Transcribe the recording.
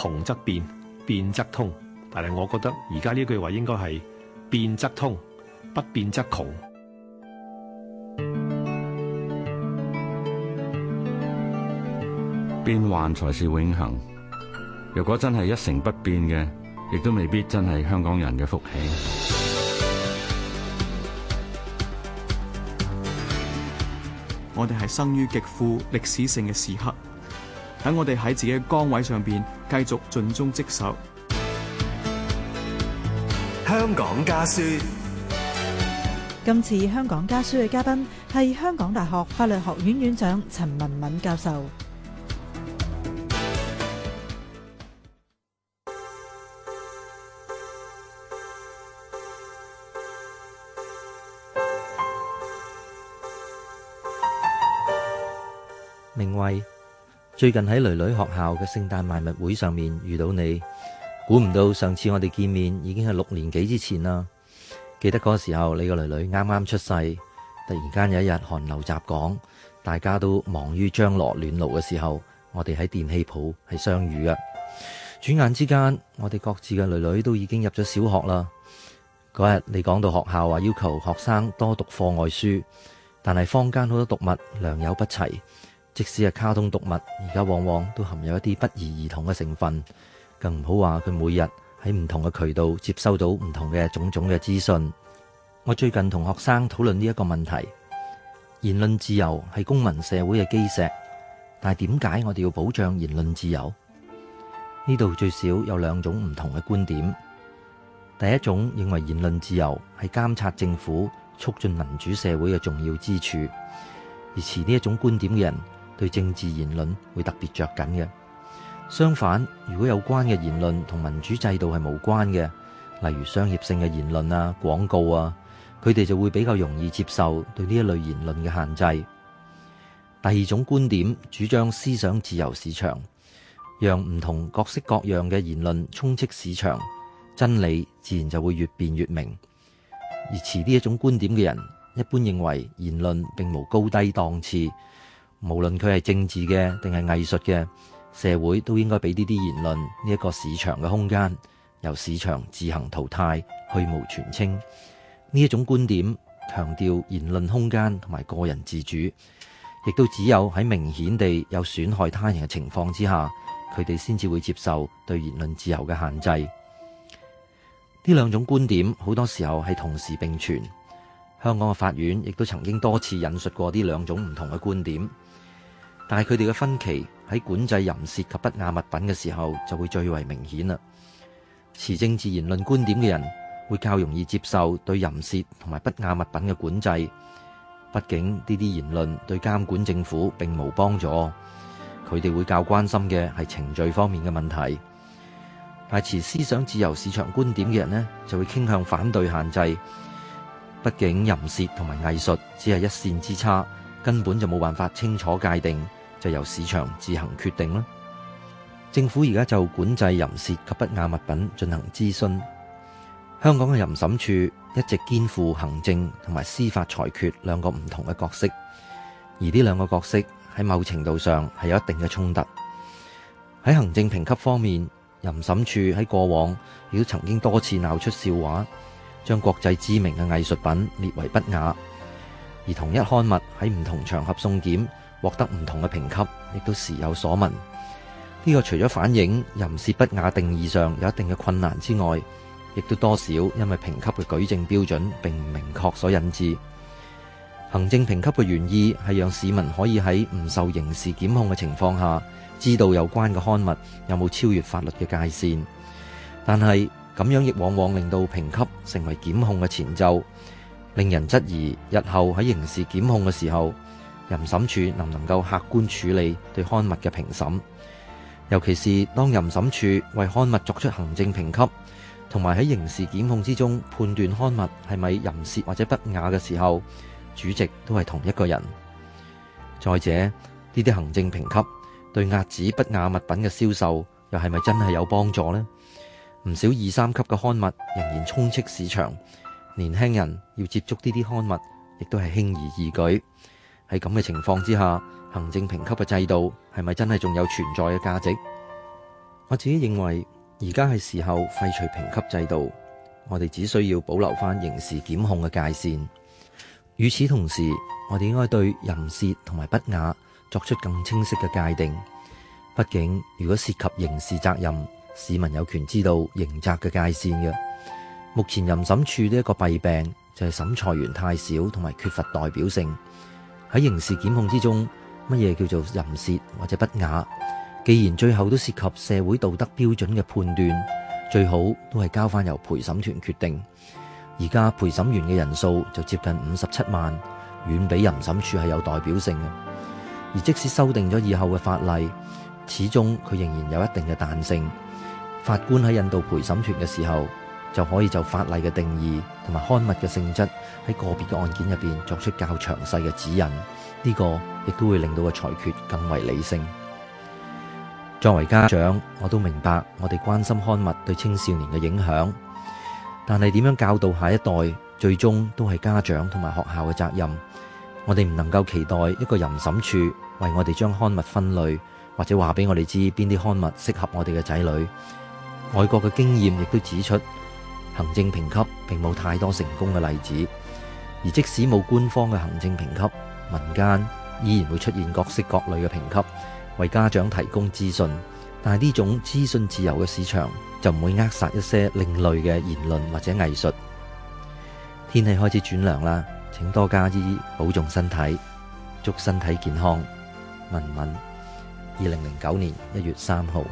窮則變，變則通。但係我覺得而家呢句話應該係變則通，不變則窮。變幻才是永恆。如果真係一成不變嘅，亦都未必真係香港人嘅福氣。我哋係生於極富歷史性嘅時刻，等我哋喺自己嘅崗位上邊。繼續盡忠職守。香港家書。今次香港家書嘅嘉賓係香港大學法律學院院長陳文敏教授，名為。最近喺女女學校嘅聖誕賣物會上面遇到你，估唔到上次我哋見面已經係六年幾之前啦。記得嗰個時候你個女女啱啱出世，突然間有一日寒流襲港，大家都忙於張羅暖爐嘅時候，我哋喺電器鋪係相遇嘅。轉眼之間，我哋各自嘅女女都已經入咗小學啦。嗰日你講到學校話要求學生多讀課外書，但係坊間好多讀物良莠不齊。即使係卡通讀物，而家往往都含有一啲不宜兒童嘅成分，更唔好話佢每日喺唔同嘅渠道接收到唔同嘅種種嘅資訊。我最近同學生討論呢一個問題：言論自由係公民社會嘅基石，但係點解我哋要保障言論自由？呢度最少有兩種唔同嘅觀點。第一種認為言論自由係監察政府、促進民主社會嘅重要支柱，而持呢一種觀點嘅人。對政治言論會特別着緊嘅。相反，如果有關嘅言論同民主制度係無關嘅，例如商業性嘅言論啊、廣告啊，佢哋就會比較容易接受對呢一類言論嘅限制。第二種觀點主張思想自由市場，讓唔同各式各樣嘅言論充斥市場，真理自然就會越辯越明。而持呢一種觀點嘅人，一般認為言論並無高低檔次。無論佢係政治嘅定係藝術嘅，社會都應該俾呢啲言論呢一個市場嘅空間，由市場自行淘汰去蕪存菁。呢一種觀點強調言論空間同埋個人自主，亦都只有喺明顯地有損害他人嘅情況之下，佢哋先至會接受對言論自由嘅限制。呢兩種觀點好多時候係同時並存。香港嘅法院亦都曾經多次引述過呢兩種唔同嘅觀點，但係佢哋嘅分歧喺管制淫褻及不雅物品嘅時候就會最為明顯啦。持政治言論觀點嘅人會較容易接受對淫褻同埋不雅物品嘅管制，畢竟呢啲言論對監管政府並冇幫助。佢哋會較關心嘅係程序方面嘅問題。但持思想自由市場觀點嘅人呢，就會傾向反對限制。畢竟淫褻同埋藝術只係一綫之差，根本就冇辦法清楚界定，就由市場自行決定啦。政府而家就管制淫褻及不雅物品進行諮詢。香港嘅淫審處一直肩負行政同埋司法裁決兩個唔同嘅角色，而呢兩個角色喺某程度上係有一定嘅衝突。喺行政評級方面，淫審處喺過往亦都曾經多次鬧出笑話。將國際知名嘅藝術品列為不雅，而同一刊物喺唔同場合送檢，獲得唔同嘅評級，亦都時有所聞。呢、這個除咗反映淫褻不雅定義上有一定嘅困難之外，亦都多少因為評級嘅舉證標準並唔明確所引致。行政評級嘅原意係讓市民可以喺唔受刑事檢控嘅情況下，知道有關嘅刊物有冇超越法律嘅界線，但係，咁樣亦往往令到評級成為檢控嘅前奏，令人質疑日後喺刑事檢控嘅時候，淫審處能唔能夠客觀處理對刊物嘅評審？尤其是當淫審處為刊物作出行政評級，同埋喺刑事檢控之中判斷刊物係咪淫褻或者不雅嘅時候，主席都係同一個人。再者，呢啲行政評級對遏止不雅物品嘅銷售，又係咪真係有幫助呢？唔少二三級嘅刊物仍然充斥市場，年輕人要接觸呢啲刊物，亦都係輕而易舉，喺咁嘅情況之下，行政評級嘅制度係咪真係仲有存在嘅價值？我自己認為而家係時候廢除評級制度，我哋只需要保留翻刑事檢控嘅界線，與此同時，我哋應該對淫褻同埋不雅作出更清晰嘅界定。畢竟，如果涉及刑事責任，市民有權知道刑責嘅界線嘅。目前淫審處呢一個弊病，就係審裁員太少同埋缺乏代表性。喺刑事檢控之中，乜嘢叫做淫褻或者不雅？既然最後都涉及社會道德標準嘅判斷，最好都係交翻由陪審團決定。而家陪審員嘅人數就接近五十七萬，遠比淫審處係有代表性嘅。而即使修訂咗以後嘅法例。始終佢仍然有一定嘅彈性。法官喺引導陪審團嘅時候，就可以就法例嘅定義同埋刊物嘅性質喺個別嘅案件入邊作出較詳細嘅指引。呢個亦都會令到個裁決更為理性。作為家長，我都明白我哋關心刊物對青少年嘅影響，但係點樣教導下一代，最終都係家長同埋學校嘅責任。我哋唔能夠期待一個淫審處為我哋將刊物分類。或者話俾我哋知邊啲刊物適合我哋嘅仔女。外國嘅經驗亦都指出，行政評級並冇太多成功嘅例子。而即使冇官方嘅行政評級，民間依然會出現各式各類嘅評級，為家長提供資訊。但係呢種資訊自由嘅市場就唔會扼殺一些另類嘅言論或者藝術。天氣開始轉涼啦，請多加衣，保重身體，祝身體健康，文敏。二零零九年一月三號